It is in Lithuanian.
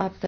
aptarėme.